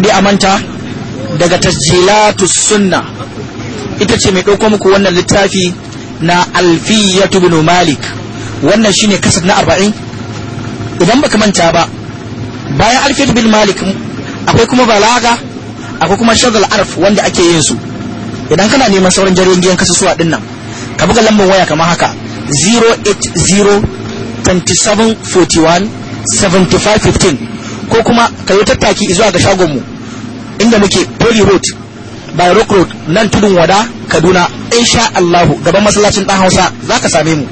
da ya amanta daga tasjilatu sunna ita ce mai ɗauko muku wannan littafi na alfiyatu bin malik wannan shine kasar na arba'in idan baka manta ba bayan alfiyatu bin malik akwai kuma balaga akwai kuma shagal arf wanda ake yin su idan kana neman sauran jaringiyan kasasuwa din nan ka buga lambar waya kamar haka 080 2741 7515 ko kuma ka yi tattaki zuwa ga shagonmu inda muke Poly Road by Rock Road nan tudun wada Kaduna insha Allah gaban masallacin dan Hausa zaka same mu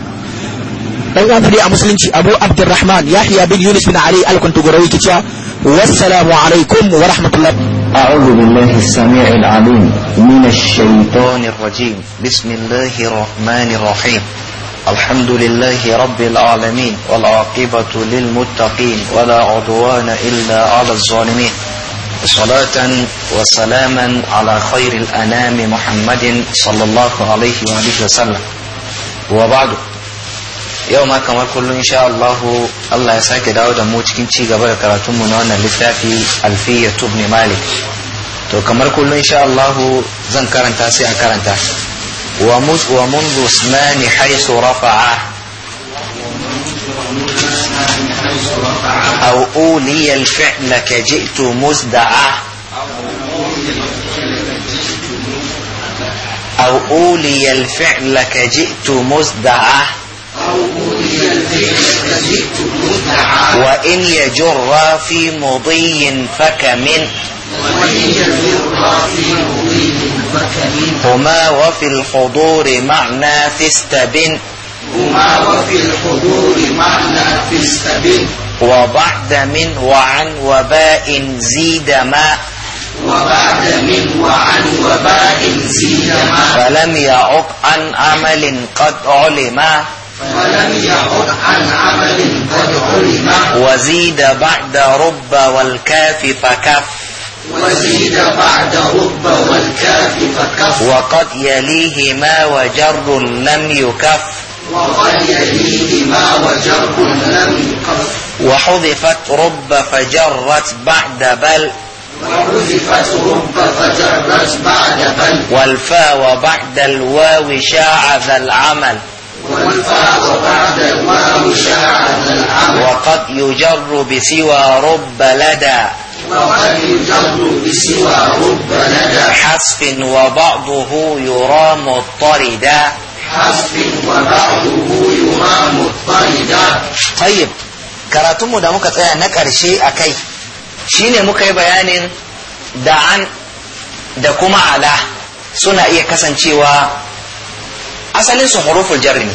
dan uwan fadi a musulunci Abu Abdurrahman Yahya bin Yunus bin Ali al-Kuntugurawi kicia wassalamu alaikum wa rahmatullahi أعوذ بالله السميع العليم من الشيطان الرجيم بسم الله الرحمن الرحيم الحمد لله رب العالمين والعاقبة للمتقين ولا عدوان إلا على الظالمين صلاة وسلاما على خير الأنام محمد صلى الله عليه وآله وسلم وبعد يوم كما كل إن شاء الله الله يساك داود موتكين تيغا بركاتم من وانا لتافي ألفية ابن مالك تو كما كل إن شاء الله زن كارنتا سي أكارنتا ومنذ اسمان حيث رفع أو أولي الفعل كجئت مزدعة أو أولي الفعل كجئت مزدعة وإن يجر في مضي فكمن وإن يجر في مضي هما وفي الحضور في فاستبن هما وفي الحضور في استبن وبعد من وعن وباء زيد ما وبعد من وعن وباء زيد ما فلم يعق عن عمل قد علم فلم يعق عن عمل قد علم وزيد بعد رب والكاف فكف وزيد بعد رب والكاف فكف وقد يليه ما وجر لم يكف وقد يليه ما وجر لم يكف وحذفت رب فجرت بعد بل وحذفت رب فجرت بعد بل والفاء وبعد الواو شاع ذا العمل والفاء بعد الواو شاع ذا العمل وقد يجر بسوى رب لدى وقد الجهل بسواه البلد حسب وبعضه يرى مضطردا حسب وبعضه يرى مضطردا طيب karatunmu da muka tsaya na ƙarshe a kai shine muka yi bayanin da an da kuma ala suna iya kasancewa asalin su huruful jarri ne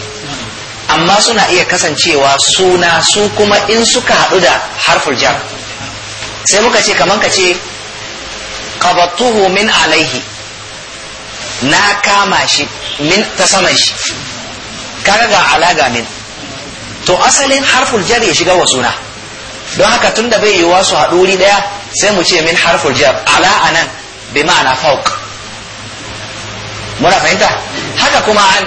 amma suna iya kasancewa suna su kuma in suka haɗu da harful jar sai muka ce kamar ka ce qabattuhu min alaihi na kama shi min ta saman shi kaga ga alaga min to asalin harful jar ya shiga wa suna don haka tun da bai yi wasu haɗuri ɗaya sai mu ce min harful jar ala anan bi ma'ana fauk muna fahimta haka kuma an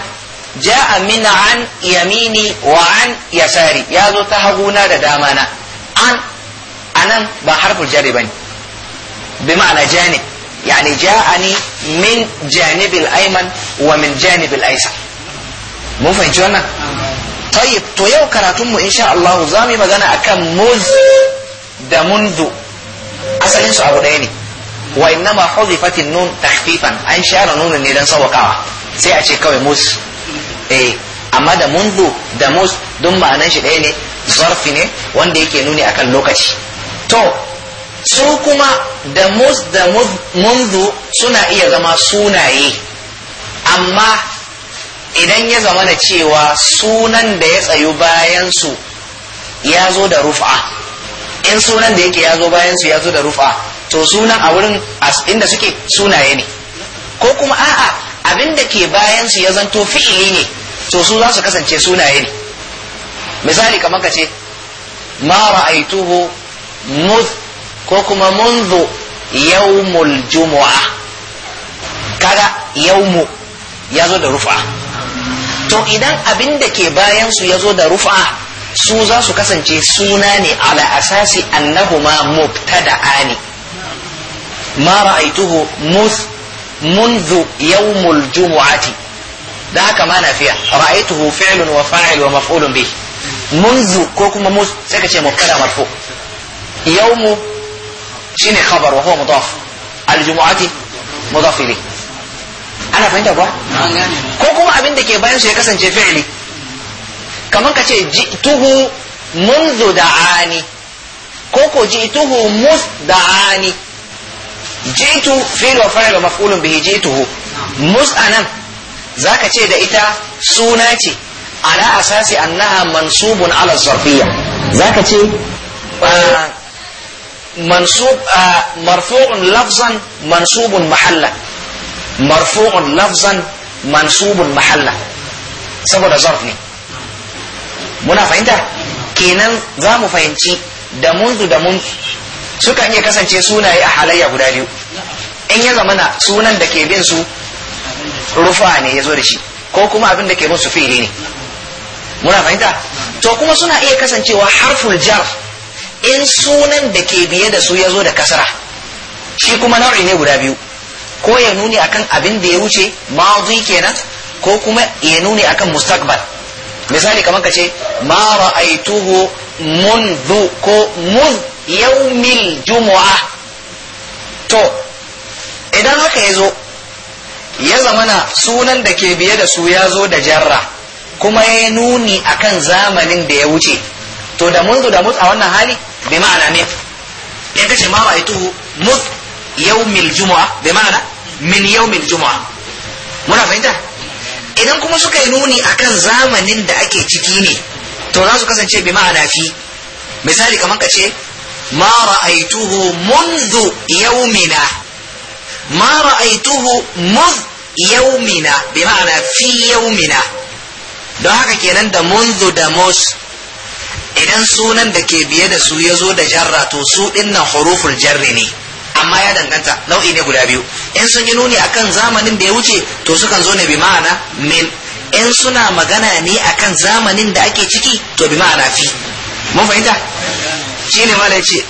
ja'a min an yamini wa an yasari ya zo ta haguna da dama na an anan ba harful jari bane bi ma'ana jani yani ja'ani min janibil ayman wa min janibil aysar mun fahimci wannan tayyib to yau karatun mu insha Allah za mu magana akan muz da mundu asalin su abu ɗaya ne wa innama hudifatin nun takhfifan an share nunin ne dan sawakawa sai a ce kawai muz eh amma da mundu da muz duk ma'anan shi ɗaya ne zarfi ne wanda yake nuni akan lokaci to su kuma da mus da munzu suna iya zama sunaye amma idan ya zama na cewa sunan da ya tsayu bayansu ya zo da rufa in sunan da yake ya zo bayansu ya zo da rufa to sunan a wurin inda suke sunaye ne ko kuma a'a abin da ke bayansu ya zanto fi'ili ne to su za su kasance sunaye ne misali kamar ka ce ma ra'aituhu muz ko kuma munzu yawmul jumu'a kaga yawmu ya zo da rufa to idan abin da ke bayan su ya zo da rufa su za su kasance suna ne ala asasi annahuma mubtada'a ne ma ra'aituhu muz منذ يوم الجمعة ده كما نافية رأيته فعل وفاعل ومفعول به منذ كوكما موس سيكا مبتدأ مرفوع يوم شيني خبر وهو مضاف الجمعه مضاف اليه انا فهمت ابو ko kuma abin da ke bayan su ya kasance fi'ili kamar ka ce ji'tuhu منذ da'ani ko ko ji'tuhu mus da'ani jitu fi'l wa fa'il maf'ul bihi jituhu mus anan zaka ce da ita suna ce ala asasi annaha mansubun ala zarfiyya zaka ce منصوب مرفوع لفظا منصوب محلا مرفوع لفظا منصوب محلا saboda zarf ne muna fahimta kenan za mu fahimci da mundu da mundu sukan iya kasance sunaye a halayya guda biyu in ya zamana sunan da ke bin su rufa ne ya zo da shi ko kuma abin da ke bin su fili ne muna fahimta to kuma suna iya kasancewa harful jar in sunan da ke biye da su ya zo da kasara shi kuma nau'i ne guda biyu ko ya nuni akan abin da ya wuce ma'adi kenan ko kuma ya nuni akan mustaqbal misali kamar ka ce ma ra'aituhu Mundu ko muz yaumil jumu'a to idan haka ya zo ya zamana sunan da ke biye da su ya zo da jarra kuma ya nuni akan zamanin da ya wuce to da Mundu da mut a wannan hali bi ma'ana min in kace ma ra'aituhu mud yawmil jumu'a bi ma'ana min yawmil jumu'a muna fahimta idan kuma suka yi nuni akan zamanin da ake ciki ne to za su kasance bi ma'ana fi misali kamar ka ce ma ra'aituhu yaumina. يومنا ما رأيته منذ يومنا بمعنى في يومنا don haka kenan da munzu da mos idan sunan da ke biye da su ya zo da jarra to su dinnan huruful jarri ne amma ya danganta nau'i ne guda biyu in sun yi nuni akan zamanin da ya wuce to sukan zo ne bi ma'ana min in suna magana ne akan zamanin da ake ciki to bi ma'ana fi mun fahimta Shi ne da yace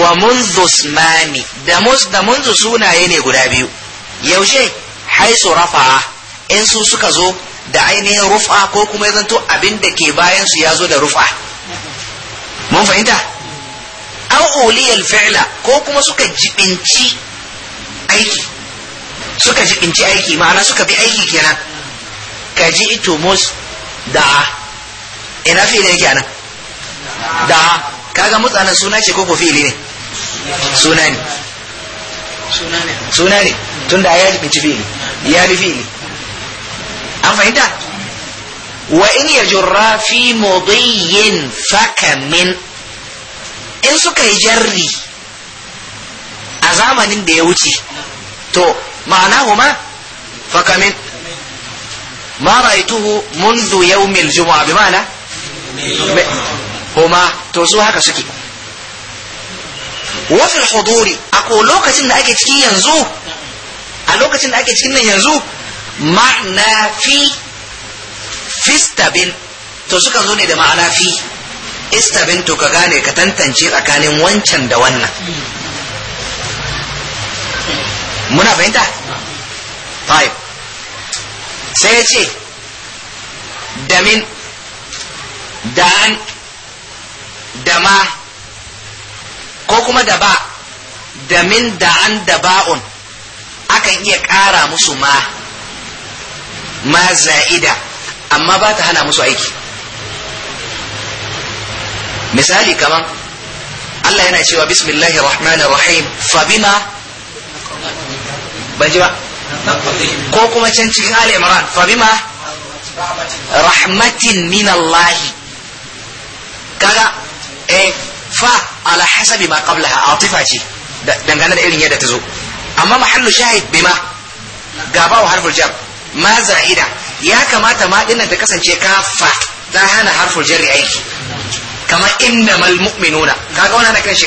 wa munzu usmani da mus da munzu sunaye ne guda biyu yaushe haisu rafa'a in su suka zo da ainihin rufa ko kuma ya zanto abin da ke bayan su ya zo da rufa mun fahimta an uliyal fi'la ko kuma suka jibinci aiki suka jibinci aiki ma'ana suka bi aiki kenan ka ji ito mus da'a ina fi'ilin yake anan da'a kaga mutanen suna ce ko ko fi'ili ne suna ne suna ne tunda ya jibinci fi'ili ya bi fi'ili an fahimta wa in yajurra fi mudiyyin faka min in suka yi jarri a zamanin da ya wuce to ma'ana huma fakamin ma raituhu munzu yaumil juma'a bi ma'ana huma to su haka suke wafin huduri a ko lokacin da ake cikin yanzu a lokacin da ake cikin nan yanzu ma'ana fi fistabin to sukan zo ne da ma'ana fi Ista istabintu ka gane ka tantance tsakanin wancan da wannan muna fahimta? fahim sai ya ce da min da ko kuma da ba da min da da ba'un akan iya ƙara musu ma ma za'ida amma ba ta hana musu aiki misali kaman Allah yana cewa bismillahir rahmanir rahim fa bima ban ji ba ko kuma can cikin Ali Imran fa bima rahmatin min Allah kaga eh fa ala hasabi ma qablaha atifa ce dangane da irin yadda ta zo amma mahallu shahid bima gaba wa harful jar ma za'ida ya kamata ma dinnan ta kasance kafa ta hana harful jarri aiki kamar inna mal-mu'minuna kaga wani kan shi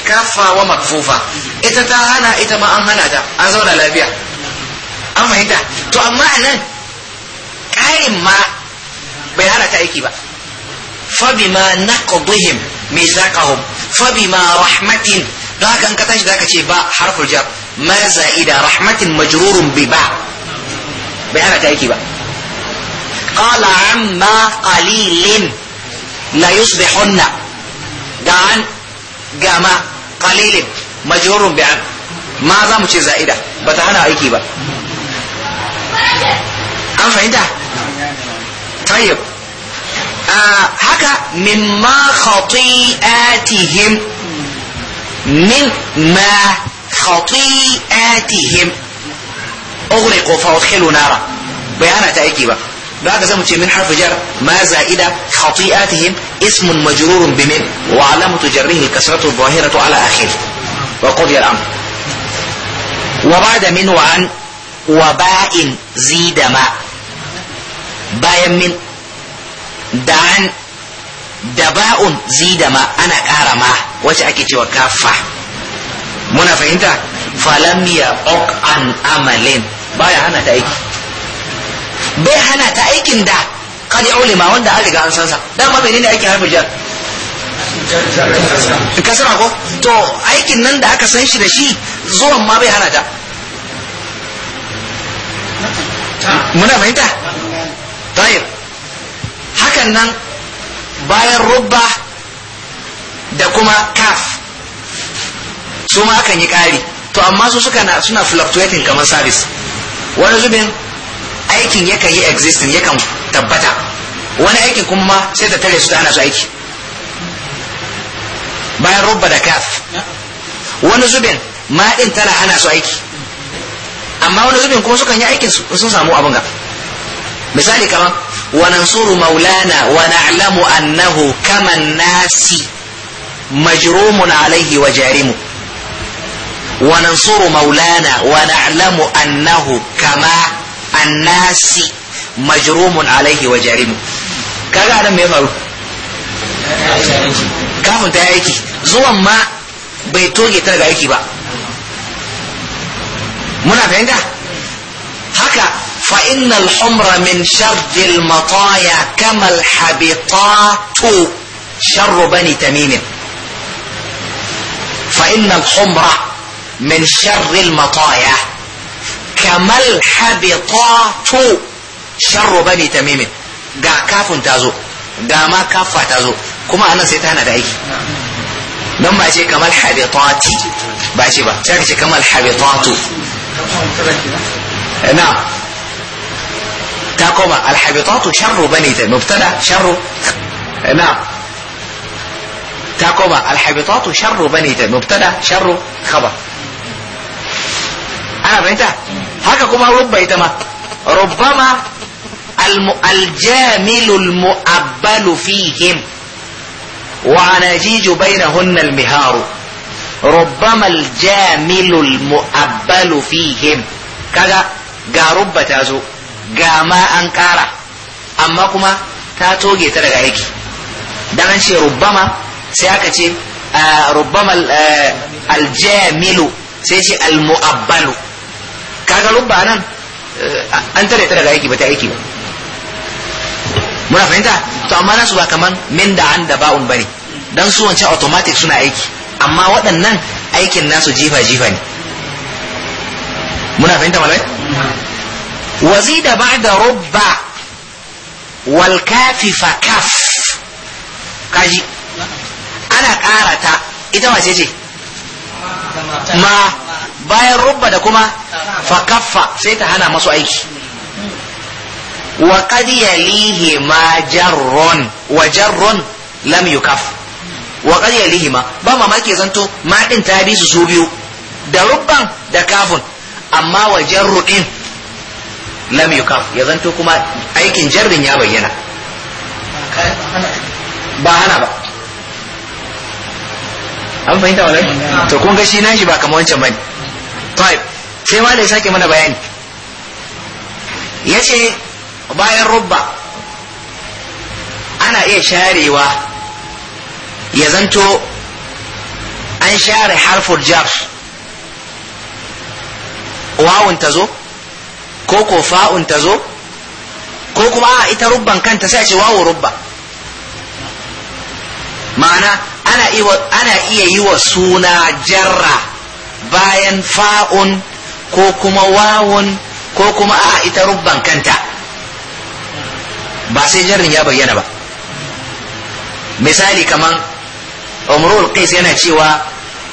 wa makfufa ita ta hana ita ma an hana ta an zauna lafiya an fahimta to amma a nan ƙarin ma bai hana ta aiki ba fabi ma na kubuhim mai zakahum fabi ma rahmatin da haka an kata shi da ce ba harful jab maza ida rahmatin majrurun bi ba bai hana ta aiki ba qala amma qalilin la yusbihunna عن قام قليل مجهور بعم ما ظام شيء زائدة بتهنا أيكي با أم فهمت طيب آه، هكا من ما خطيئاتهم من ما خطيئاتهم أغرقوا فأدخلوا نارا بيانا تأيكي با بعد زمتي من حرف جر ما زائدة خطيئاتهم اسم مجرور بمن وعلامة جره الكسرة الظاهرة على آخره وقضي الأمر وبعد من وعن وباء زيد ما بايا من دعن دباء زيد ما أنا كارما ما أكيد وكافة منا فهمت فلم ya عن an باء أنا تأيك باء أنا تأيك hana kadi ma wanda an riga an san sa dan ma menene aikin harfi jar kasara ko to aikin nan da aka san shi da shi zuwan ma bai hana ta muna fahimta tayir hakan nan bayan rubba da kuma kaf su ma akan yi ƙari to amma su suka na suna fluctuating kamar service wani zubin aikin yakan yi existing yakan tabbata wani aikin kuma ma sai ta tare su ta hana su aiki bayan rubba da kaf wani zubin ma din tana hana su aiki amma wani zubin kuma sukan yi aikin su sun samu abin ga misali kamar wa nansuru maulana wa na'lamu annahu kaman nasi majrumun alaihi wa jarimu maulana مولانا ونعلم أنه كما الناس مجروم عليه وجريم كذا أنا ميفر كم أنت هيك زو ما بيتوجي ترى هيك با منا فهمت هكا فإن الحمر من شر المطايا كما الحبطات شر بني تميم فإن الحمر من شر المطايا كما الحبطات شر بني تميم جا كاف تازو جا ما كاف تازو كما انا سيت انا دايك دم ما شي كمال حبيطات با شي با شي كمال حبيطات نعم تاكوما الحبيطات شر بني تميم مبتدا شر نعم تاكوما الحبيطات شر بني تميم مبتدا شر خبر انا بنتا هكا كما ربما ربما الجامل المؤبل فيهم وعناجيج بينهن المهار ربما الجامل المؤبل فيهم كذا ga rubba zo ga ma an ƙara amma kuma ta toge ta daga aiki Da an ce rubbama sai aka ce rubbama aljamilu sai ce kaga rubba nan an tare ta daga aiki ba ta aiki ba muna fahimta to amma nasu ba kaman min da an da ba'un bane dan su wancan automatic suna aiki amma waɗannan aikin nasu jifa jifa ne muna fahimta malamai wazida ba'da rubba wal kafifa kaf kaji ana karata ita wace ce ma bayan rubba da kuma kaffa sai ta hana masu aiki wa qad yalihi ma jarrun wa jarrun lam yukaf wa qad yalihi ma ba mamaki zanto ma din ta bi su su biyu da rubban da kafun amma wa jarru din lam yukaf ya zanto kuma aikin jarrin ya bayyana ba hana ba an fahimta wannan to kun ga shi shi ba kamar wancan bane طيب sai ma sake mana bayani yace bayan rubba ana iya sharewa ya zanto an share harfur jar wawun ta zo ko ko fa'un ta zo ko kuma a ita rubban kanta sai a ce wawo rubba ma'ana ana iya yi wa suna jarra bayan fa'un ko kuma wawun ko kuma a ita rubban kanta ba sai jarin ya bayyana ba misali kaman umrul qais yana cewa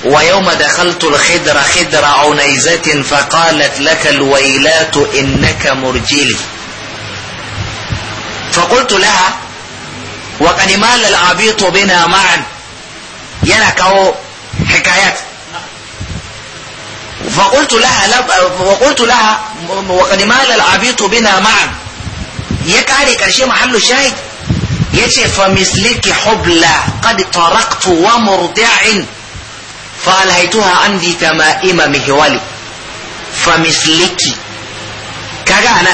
wa yawma dakhaltu al-khidra khidra aw naizatin fa qalat laka al-wailatu innaka murjili fa qultu laha wa qad mal al-abit bina ma'an yana kawo hikayat فقلت لها وقلت لها وقد مال العبيط بنا معا ya kare karshe mahallu shahid ce fa misliki hubla qad taraktu wa murdi'in fa alhaituha andi kama imami hiwali fa misliki kaga ana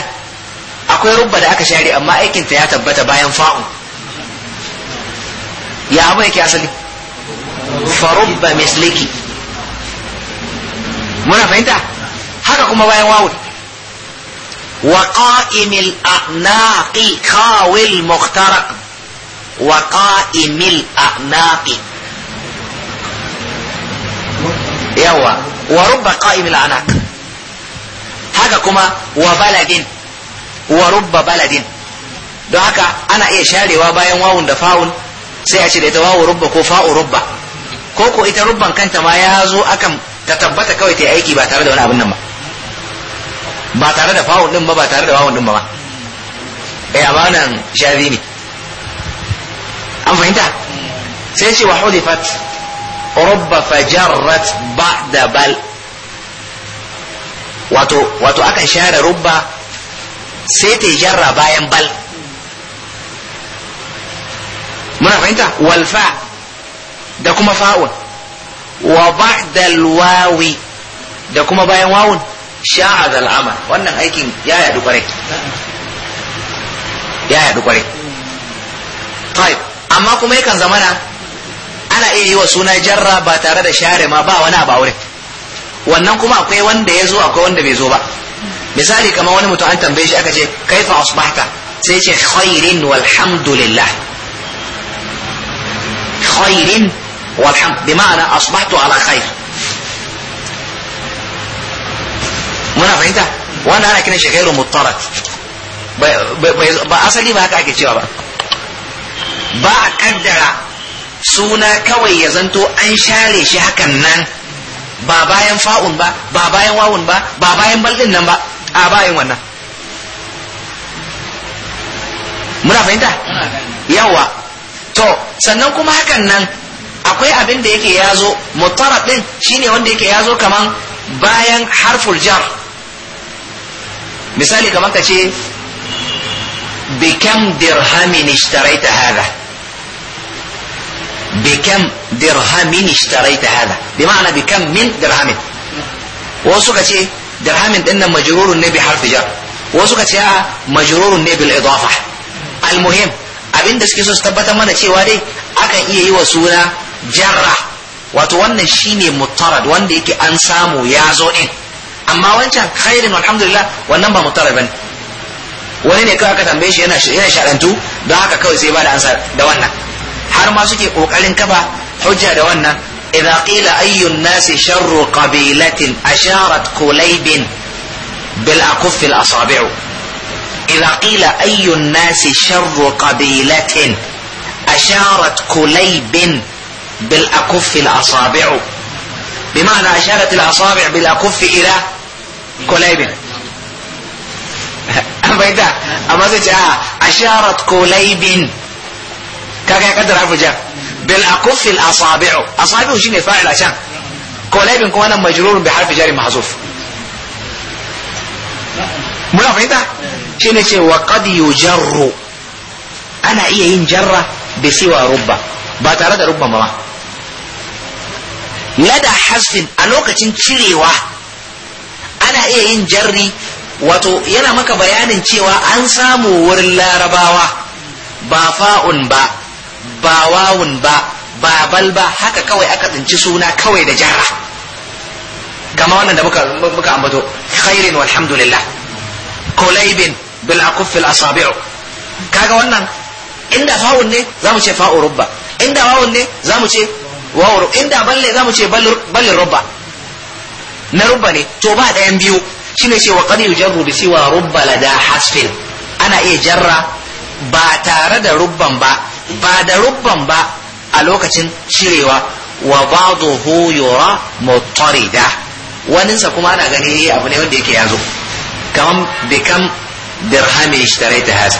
akwai rubba da aka share amma aikin ta ya tabbata bayan fa'u ya abu yake asali fa rubba misliki muna fahimta haka kuma bayan wawun وقائم الأعناق كاوي المخترق وقائم الأعناق يوا ورب قائم الأعناق haka kuma wa baladin wa rubba don haka ana iya sharewa bayan wawun da fa'un sai a ce da ita wawu rubba ko fa'u rubba ko ko ita rubban kanta ma ya zo akan ta tabbata kawai ta yi aiki ba tare da wani abin nan ba ba tare da fa'un din ba ba tare da wawun din ba ma eh amma nan shari ne an fahimta sai ce wa hudifat rubba fajarrat da bal wato wato akan share rubba sai ta jarra bayan bal muna fahimta walfa da kuma fa'un wa ba'da wawi da kuma bayan wawun sha'az al'amal wannan aikin ya yadu kwarai ya yadu kwarai taib amma kuma yakan zamana ana iya yi wa suna jarra ba tare da share ma ba wani abu wurin wannan kuma akwai wanda ya zo akwai wanda bai zo ba misali kamar wani mutum an tambaye shi aka ce kaifa asbahta sai ce khairin walhamdulillah khairin walhamd bi ma'ana asbahtu ala khair muna fahimta wanda ana kiran shi ghairu muttarat ba asali ba haka ake cewa ba ba a kaddara suna kawai ya zanto an share shi hakan nan ba bayan fa'un ba ba bayan wawun ba ba bayan baldin nan ba a bayan wannan muna fahimta yawa to sannan kuma hakan nan akwai abin da yake yazo mutarab din shine wanda yake yazo kaman bayan harful jar misali kamar ka ce bikam dirhamin ishtaraita hada bikam dirhamin ishtaraita hada bi ma'ana bikam min dirhamin wasu ka ce dirhamin dinnan majrurun ne bi harfi jar wasu ka ce a majrurun ne bil idafa almuhim abinda suke so su tabbatar mana cewa dai akan iya yi wa suna jarra wato wannan shine mutarad wanda yake an samu ya zo din amma wancan khairin alhamdulillah wannan ba mutar bane wani ne kawai aka tambaye shi yana yana sharantu don haka kawai sai ba da ansa da wannan har ma suke kokarin kaba hujja da wannan idza qila ayyun nasi sharru qabilatin asharat kulaybin bil akuff al asabi'u idza qila ayyun nasi sharru qabilatin asharat kulaybin bil akuff al asabi'u بمعنى أشارت الأصابع بالأكف إلى كوليبن بيدا اما زيجا اشارت كوليبن كاكا يقدر عفو جا بالاقف الاصابع اصابع شين فاعل عشان كوليبن كوانا مجرور بحرف جاري محذوف ملا فهمت شين يجي وقد يجر انا ايه ينجر بسوى ربا باترد ربا مرا لدى حذف انوكة تشريوه ana iya yin jarri wato yana maka bayanin cewa an samu wurin larabawa ba fa'un ba ba wawun ba ba bal ba haka kawai aka tsinci suna kawai da jarra kama wannan da muka ambato khairin walhamdulillah kulaibin bil akuffil asabi'u kaga wannan inda fa'un ne za mu ce fa'u rubba inda wawun ne za mu ce wawu inda balle za mu ce bal rubba na rubba ne to ba ɗayan biyu shine ce wa qad yujarru bi siwa rubba lada hasfin ana iya jarra ba tare da rubban ba ba da rubban ba a lokacin cirewa wa ba'dahu yura mutarida waninsa kuma ana gani abu ne wanda yake yazo kaman bikam dirhamin ishtaraita hasa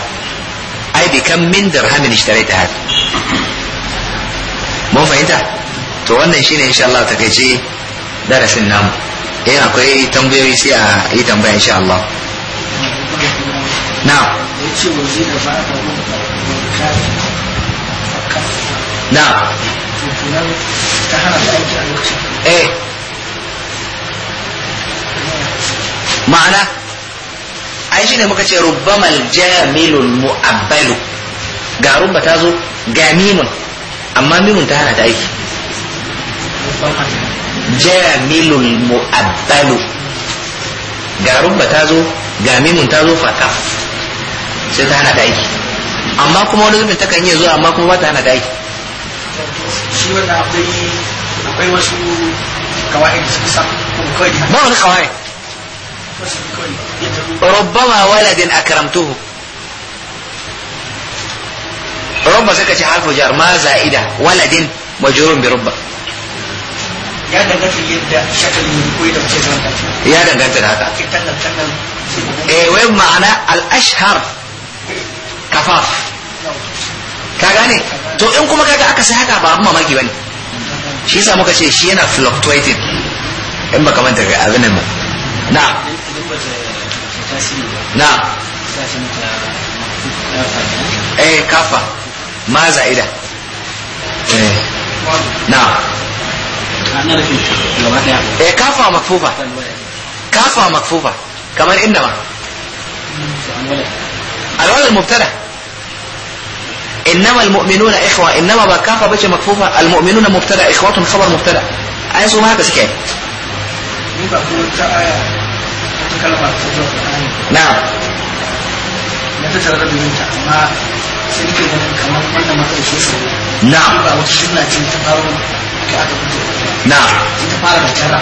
ai bikam min dirhamin ishtaraita hasa mun fahimta to wannan shine insha Allah takeice darasin namu eh akwai tambayoyi sai a yi tambaya insha Allah na na eh ma'ana ai shine muka ce rubbamal jamilul mu'abbalu ga rubba ta zo ga amma mimun ta hana ta aiki jamilul mu'addalu ga rubba ta zo ga mimun ta zo fata sai ta hana da aiki amma kuma wani zubin takan iya zuwa amma kuma ba ta hana da aiki shi wanda akwai akwai wasu kawai da suka sa ba wani kawai ربما ولد أكرمته ربما سكت حرف جر ما زائدة ولد مجرور بربما ya danganta yadda shakalin koyi da mace zama ya danganta da haka eh wai ma'ana al-ashhar kafaf ka gane to in kuma kaga aka sai haka ba abin mamaki bane shi yasa muka ce shi yana fluctuating in baka manta ga abin nan ba na na eh kafa ma za'ida eh na eh مكفوفه makfufa مكفوفه makfufa انما inda ma انما المؤمنون اخوه انما با كافه مكفوفه المؤمنون مبتدا اخواتهم خبر مبتدا اي سو هكذا كده نعم نعم na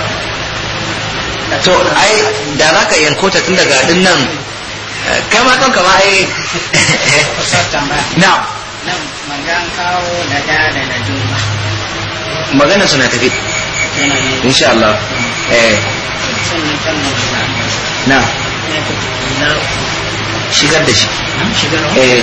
to ai da za ka yanko ta tun daga din nan kai ma kanka ma ai na magan kawo da da da da duba magana suna tafi insha Allah eh na shigar da shi eh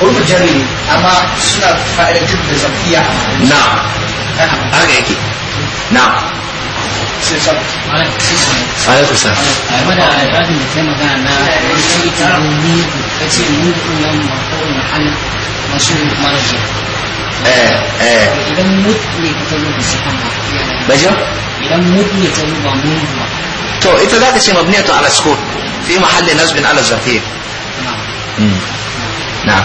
hurbu jarri amma suna fa'idantar da zafiya na haka yake na to ita za ka ce mabniyatu ala sukun fi mahalli nasbin ala zafiyya na'am